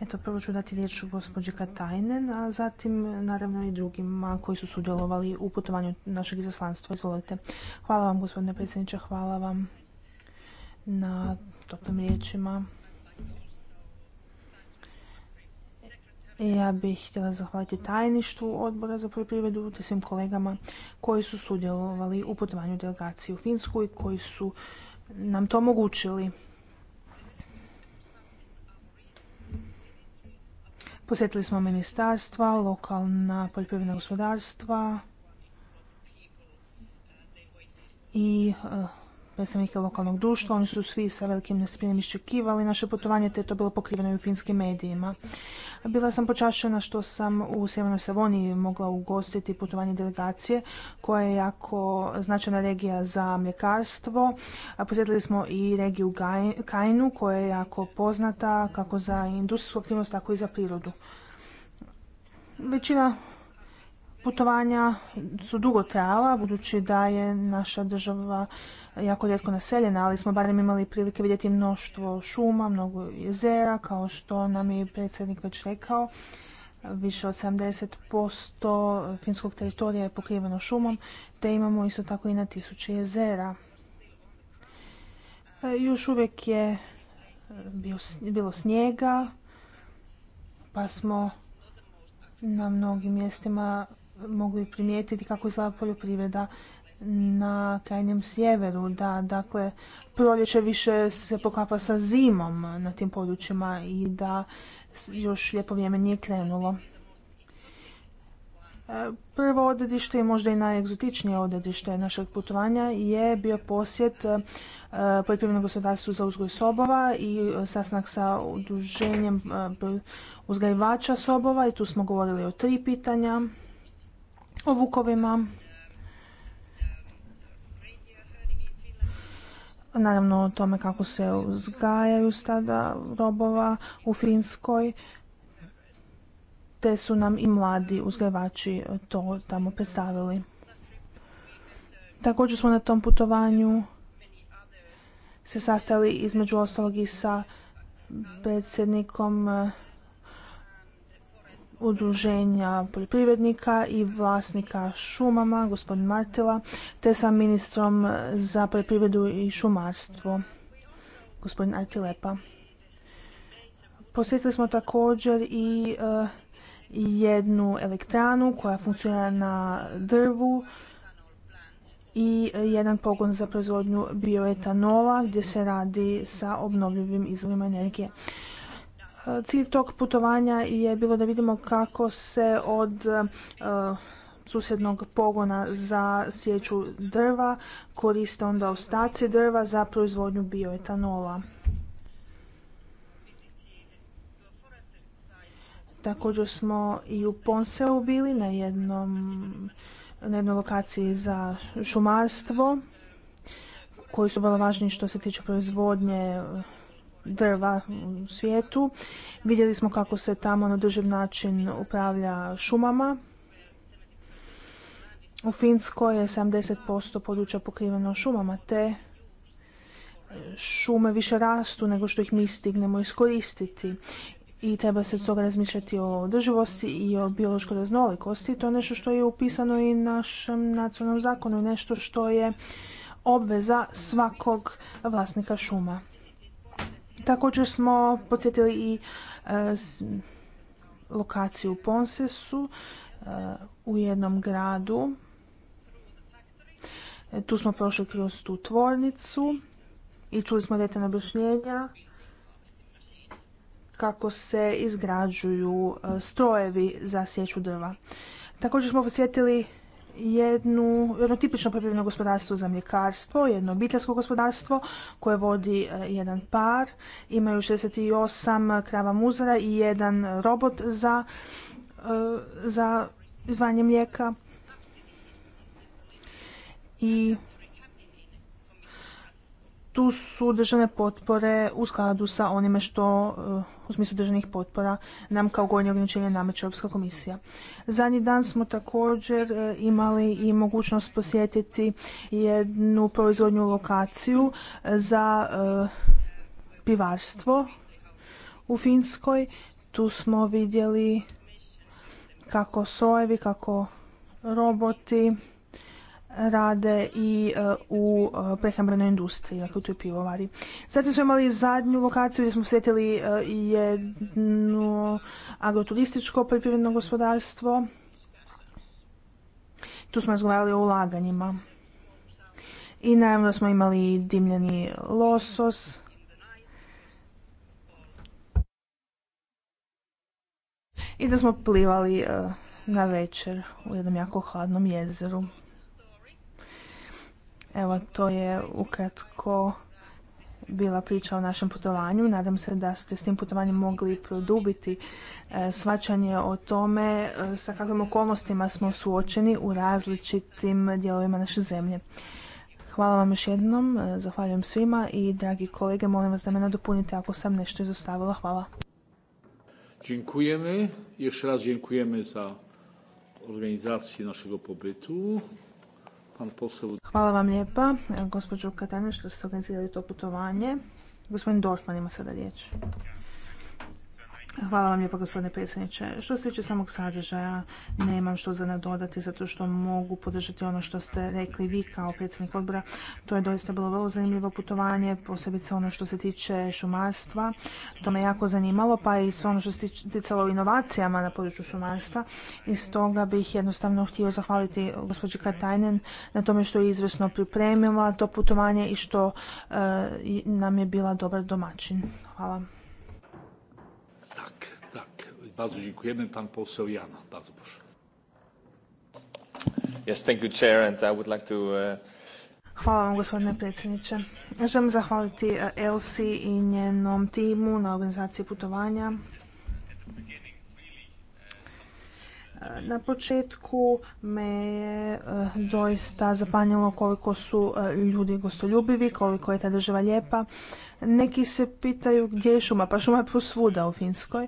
Eto, prvo ću dati riječ gospođi Katajnen, a zatim naravno i drugima koji su sudjelovali u putovanju našeg izaslanstva. Izvolite. Hvala vam gospodine predsjedniče, hvala vam na toplim riječima. Ja bih htjela zahvaliti tajništu odbora za poljoprivredu te svim kolegama koji su sudjelovali u putovanju delegacije u Finsku i koji su nam to omogućili. Posjetili smo ministarstva, lokalna poljoprivredna gospodarstva i eh, predstavnike lokalnog društva. Oni su svi sa velikim nespinjem iščekivali naše putovanje, te je to bilo pokriveno i u finskim medijima. Bila sam počašena što sam u Sjevernoj Savoniji mogla ugostiti putovanje delegacije koja je jako značajna regija za mljekarstvo. Posjetili smo i regiju Kainu, koja je jako poznata kako za industrijsku aktivnost, tako i za prirodu. Većina putovanja su dugo trajala budući da je naša država jako rijetko naseljena, ali smo barem imali prilike vidjeti mnoštvo šuma, mnogo jezera, kao što nam je predsjednik već rekao. Više od 70% finskog teritorija je pokriveno šumom, te imamo isto tako i na tisuće jezera. E, još uvijek je e, bilo snijega, pa smo na mnogim mjestima mogli primijetiti kako izgleda poljoprivreda na krajnjem sjeveru, da dakle proljeće više se poklapa sa zimom na tim područjima i da još lijepo vrijeme nije krenulo. E, prvo odredište i možda i najegzotičnije odredište našeg putovanja je bio posjet e, poljoprivrednom gospodarstvu za uzgoj sobova i e, sastanak sa udruženjem uzgajivača sobova i tu smo govorili o tri pitanja, o vukovima, naravno o tome kako se uzgajaju stada robova u Finskoj, te su nam i mladi uzgajivači to tamo predstavili. Također smo na tom putovanju se sastali između ostalog i sa predsjednikom udruženja poljoprivrednika i vlasnika šumama, gospodin Martila, te sa ministrom za poljoprivredu i šumarstvo, gospodin Artilepa. Posjetili smo također i e, jednu elektranu koja funkcionira na drvu i jedan pogon za proizvodnju bioetanola gdje se radi sa obnovljivim izvorima energije. Cilj tog putovanja je bilo da vidimo kako se od e, susjednog pogona za sjeću drva koriste onda ostaci drva za proizvodnju bioetanola. Također smo i u Ponseu bili na jednom na jednoj lokaciji za šumarstvo koji su vrlo važni što se tiče proizvodnje drva u svijetu. Vidjeli smo kako se tamo na držav način upravlja šumama. U Finskoj je 70% područja pokriveno šumama, te šume više rastu nego što ih mi stignemo iskoristiti. I treba se toga razmišljati o održivosti i o biološkoj raznolikosti. To je nešto što je upisano i našem nacionalnom zakonu i nešto što je obveza svakog vlasnika šuma. Također smo podsjetili i e, lokaciju u Ponsesu e, u jednom gradu. E, tu smo prošli kroz tu tvornicu i čuli smo detaljna objašnjenja kako se izgrađuju strojevi za sjeću drva. Također smo posjetili jednu, jedno tipično poljoprivredno gospodarstvo za mljekarstvo, jedno obiteljsko gospodarstvo koje vodi e, jedan par, imaju 68 krava muzara i jedan robot za, e, za izvanje mlijeka. I tu su državne potpore u skladu sa onime što eh, u smislu državnih potpora nam kao gornje ograničenje nameće Europska komisija. Zadnji dan smo također eh, imali i mogućnost posjetiti jednu proizvodnju lokaciju eh, za pivarstvo u Finskoj. Tu smo vidjeli kako sojevi, kako roboti, rade i e, u e, prehrambenoj industriji, dakle tu pivovari. Zatim smo imali zadnju lokaciju gdje smo sjetili e, jedno agroturističko poljoprivredno gospodarstvo. Tu smo razgovarali o ulaganjima. I naravno smo imali dimljeni losos. I da smo plivali na večer u jednom jako hladnom jezeru. Evo, to je ukratko bila priča o našem putovanju. Nadam se da ste s tim putovanjem mogli produbiti e, svačanje o tome e, sa kakvim okolnostima smo suočeni u različitim dijelovima naše zemlje. Hvala vam još jednom, e, zahvaljujem svima i dragi kolege, molim vas da me nadopunite ako sam nešto izostavila. Hvala. Dziękujemy. još raz dziękujemy za organizację naszego pobytu. Hvala vam lijepa, gospođo Katarina, što ste organizirali to putovanje. Gospodin Dorfman ima sada riječ. Hvala vam lijepa gospodine predsjedniče. Što se tiče samog sadržaja, nemam što za nadodati zato što mogu podržati ono što ste rekli vi kao predsjednik odbora. To je doista bilo vrlo zanimljivo putovanje, posebice ono što se tiče šumarstva. To me jako zanimalo, pa i sve ono što se ticalo inovacijama na području šumarstva. I stoga bih jednostavno htio zahvaliti gospođi Katajnen na tome što je izvrsno pripremila to putovanje i što eh, nam je bila dobar domaćin. Hvala. Tak, tak. Hvala vam, gospodine predsjedniče. Želim zahvaliti e, Elsi i njenom timu na organizaciji putovanja. Na početku me je e, doista zapanjilo koliko su e, ljudi gostoljubivi, koliko je ta država lijepa. Neki se pitaju gdje je šuma, pa šuma je posvuda u Finskoj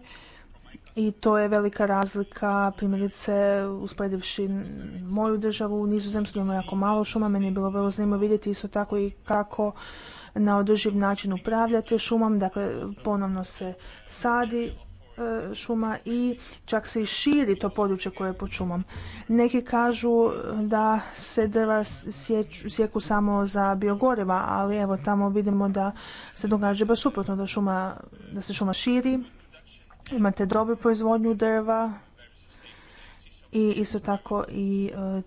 i to je velika razlika, primjerice usporedivši moju državu u Nizozemsku imamo jako malo šuma, meni je bilo vrlo zanimljivo vidjeti isto tako i kako na održiv način upravljate šumom, dakle ponovno se sadi E, šuma i čak se i širi to područje koje je pod šumom. Neki kažu da se drva sjeku samo za biogoreva, ali evo tamo vidimo da se događa baš suprotno da, šuma, da se šuma širi, imate dobru proizvodnju drva i isto tako i e,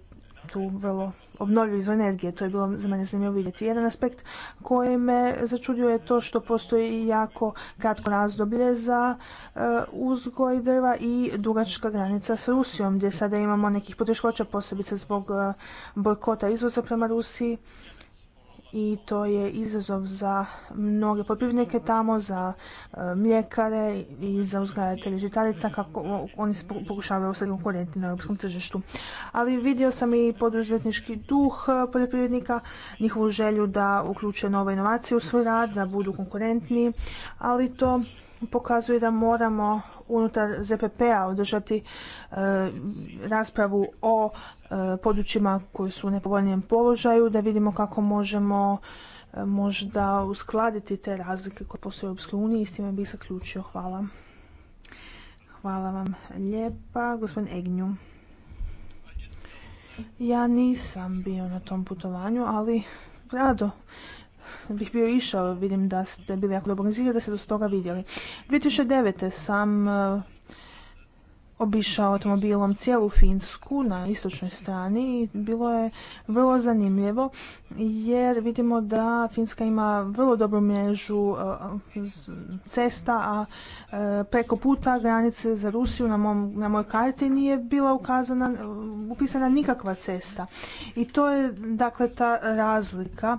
tu vrlo obnovljivih energije. To je bilo za mene zanimljivo vidjeti. Jedan aspekt koji me začudio je to što postoji jako kratko razdoblje za eh, uzgoj drva i dugačka granica s Rusijom, gdje sada imamo nekih poteškoća posebice zbog eh, bojkota izvoza prema Rusiji i to je izazov za mnoge poljoprivrednike tamo, za e, mljekare i za uzgajatelje žitarica kako oni se pokušavaju ostati konkurentni na europskom tržištu. Ali vidio sam i poduzetnički duh e, poljoprivrednika, njihovu želju da uključe nove inovacije u svoj rad, da budu konkurentni, ali to pokazuje da moramo unutar ZPP-a održati e, raspravu o e, područjima koji su u nepovoljnijem položaju, da vidimo kako možemo e, možda uskladiti te razlike koje postoje u EU i s time bih zaključio. Hvala. Hvala vam lijepa. Gospodin Egnju. Ja nisam bio na tom putovanju, ali rado bih bio išao, vidim da ste bili jako dobro organizirani, da ste do toga vidjeli. 2009. sam e, obišao automobilom cijelu Finsku na istočnoj strani i bilo je vrlo zanimljivo jer vidimo da Finska ima vrlo dobru mrežu e, cesta, a e, preko puta granice za Rusiju na, mom, karti nije bila ukazana, upisana nikakva cesta. I to je dakle ta razlika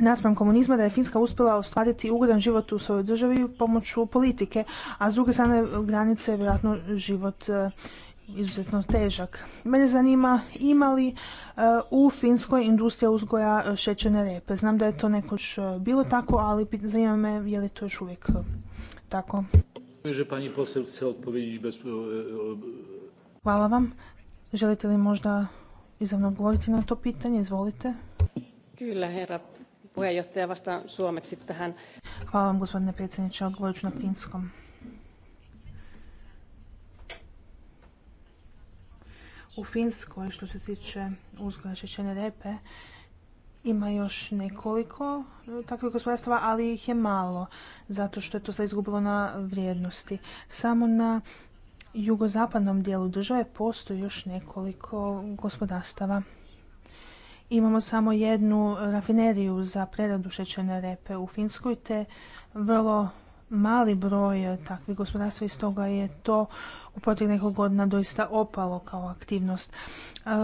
naspram komunizma da je Finska uspjela ostvariti ugodan život u svojoj državi pomoću politike, a s druge strane granice je vjerojatno život e, izuzetno težak. Mene zanima ima li e, u Finskoj industrija uzgoja e, šećerne repe. Znam da je to nekoć bilo tako, ali zanima me je li to još uvijek tako. Hvala vam. Želite li možda izravno odgovoriti na to pitanje? Izvolite. Kyllä puheenjohtaja vastaa suomeksi tähän. Hvala vam gospodine predsjedniče, odgovorit na finskom. U Finskoj što se tiče uzgoja šećene repe ima još nekoliko e, takvih gospodarstava, ali ih je malo zato što je to sve izgubilo na vrijednosti. Samo na jugozapadnom dijelu države postoji još nekoliko gospodarstava. Imamo samo jednu e, rafineriju za preradu šećerne repe u Finskoj, te vrlo mali broj e, takvih gospodarstva i stoga je to u protiv nekog godina doista opalo kao aktivnost. E,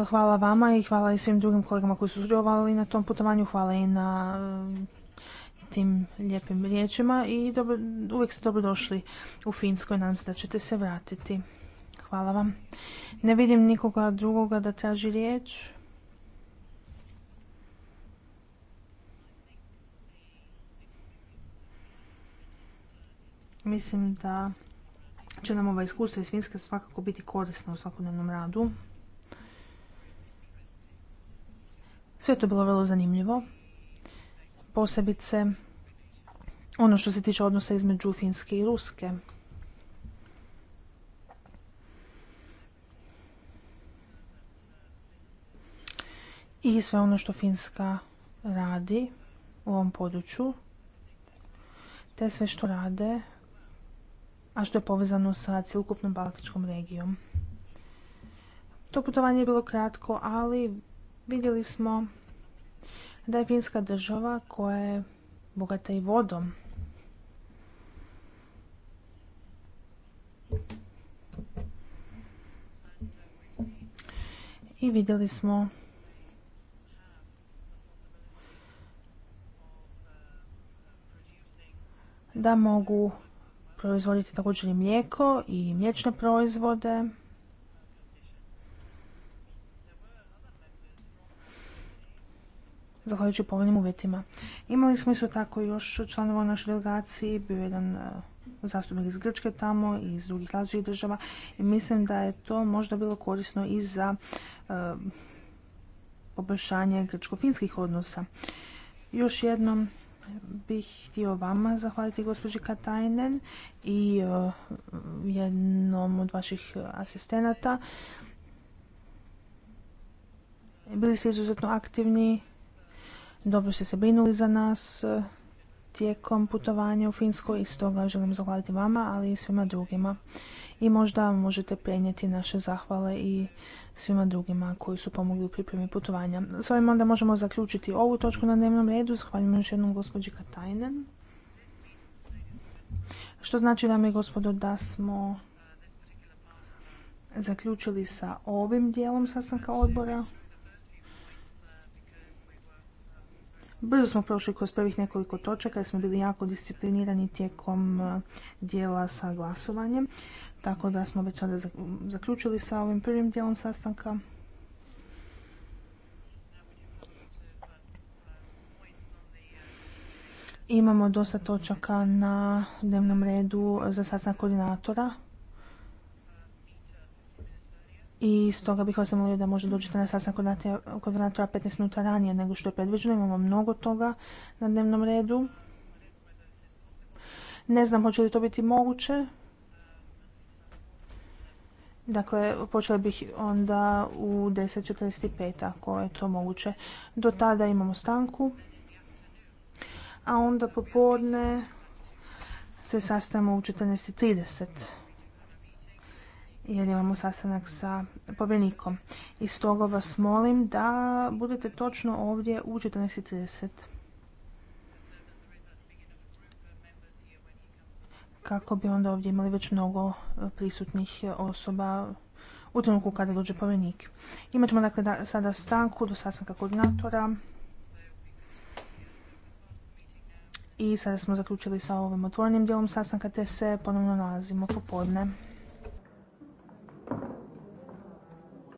hvala vama i hvala i svim drugim kolegama koji su sudjelovali na tom putovanju. Hvala i na tim lijepim riječima i uvijek ste dobro došli u Finskoj. Nadam se da ćete se vratiti. Hvala vam. Ne vidim nikoga drugoga da traži riječ. Mislim da će nam ova iskustva iz Finske svakako biti korisna u svakodnevnom radu. Sve to je bilo vrlo zanimljivo. Posebice ono što se tiče odnosa između Finske i Ruske. I sve ono što Finska radi u ovom području, te sve što rade a što je povezano sa cjelokupnom Baltičkom regijom. To putovanje je bilo kratko, ali vidjeli smo da je Finska država koja je bogata i vodom. I vidjeli smo da mogu proizvoditi također i mlijeko i mliječne proizvode. zahvaljujući povoljnim uvjetima. Imali smo isto tako još članova u našoj delegaciji, bio jedan e, zastupnik iz Grčke tamo i iz drugih različitih država i mislim da je to možda bilo korisno i za e, poboljšanje grčko-finskih odnosa. Još jednom bih htio vama zahvaliti gospođi Katajnen i e, jednom od vaših asistenata. Bili ste izuzetno aktivni, dobro ste se brinuli za nas tijekom putovanja u Finskoj i stoga želim zahvaliti vama, ali i svima drugima. I možda možete prenijeti naše zahvale i svima drugima koji su pomogli u pripremi putovanja. S ovim onda možemo zaključiti ovu točku na dnevnom redu. Zahvaljujem još jednom gospođi Katajnen. Što znači, dame i gospodo, da smo zaključili sa ovim dijelom sastanka odbora. Brzo smo prošli kroz prvih nekoliko točaka jer smo bili jako disciplinirani tijekom e, dijela sa glasovanjem. Tako da smo već sada zaključili sa ovim prvim dijelom sastanka. Imamo dosta točaka na dnevnom redu za sastanak koordinatora i stoga bih vas zamolio da možda dođete na sastanak koordinatora 15 minuta ranije nego što je predviđeno. Imamo mnogo toga na dnevnom redu. Ne znam hoće li to biti moguće. Dakle, počela bih onda u 10.45 ako je to moguće. Do tada imamo stanku, a onda popodne se sastavimo u 14.30 jer imamo sastanak sa povjerenikom. I stoga vas molim da budete točno ovdje u 14.30. kako bi onda ovdje imali već mnogo e, prisutnih e, osoba u trenutku kada dođe povjerenik. Imat ćemo dakle sada stanku do sastanka koordinatora. I sada smo zaključili sa ovim otvorenim dijelom sastanka te se ponovno nalazimo popodne to